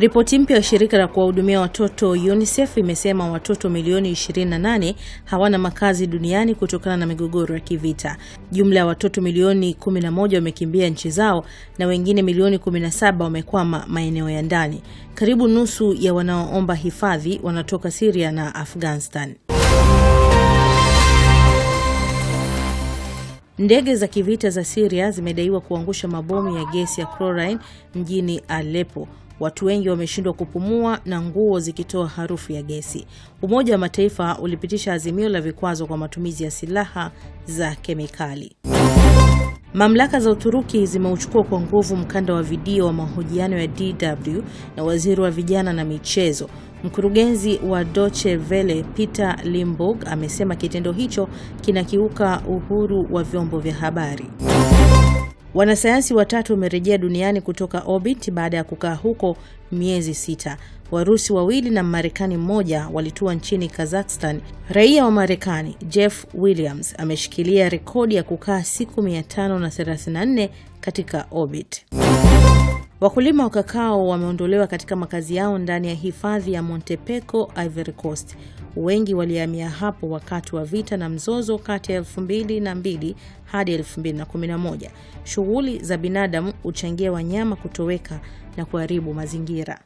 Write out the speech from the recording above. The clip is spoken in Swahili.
Ripoti mpya ya shirika la kuwahudumia watoto UNICEF imesema watoto milioni 28 hawana makazi duniani kutokana na migogoro ya kivita. Jumla ya watoto milioni 11 wamekimbia nchi zao na wengine milioni 17 wamekwama maeneo ya ndani. Karibu nusu ya wanaoomba hifadhi wanatoka Syria na Afghanistan. Ndege za kivita za Siria zimedaiwa kuangusha mabomu ya gesi ya chlorine mjini Aleppo. Watu wengi wameshindwa kupumua na nguo zikitoa harufu ya gesi. Umoja wa Mataifa ulipitisha azimio la vikwazo kwa matumizi ya silaha za kemikali. Mamlaka za Uturuki zimeuchukua kwa nguvu mkanda wa video wa mahojiano ya DW na waziri wa vijana na michezo Mkurugenzi wa Deutsche Welle Peter Limburg amesema kitendo hicho kinakiuka uhuru wa vyombo vya habari. Wanasayansi watatu wamerejea duniani kutoka orbit baada ya kukaa huko miezi sita. Warusi wawili na marekani mmoja walitua nchini Kazakhstan. Raia wa Marekani Jeff Williams ameshikilia rekodi ya kukaa siku 534 katika orbit. Wakulima wa kakao wameondolewa katika makazi yao ndani ya hifadhi ya Montepeco, Ivory Coast. Wengi walihamia hapo wakati wa vita na mzozo kati ya 2002 hadi 2011. Shughuli za binadamu huchangia wanyama kutoweka na kuharibu mazingira.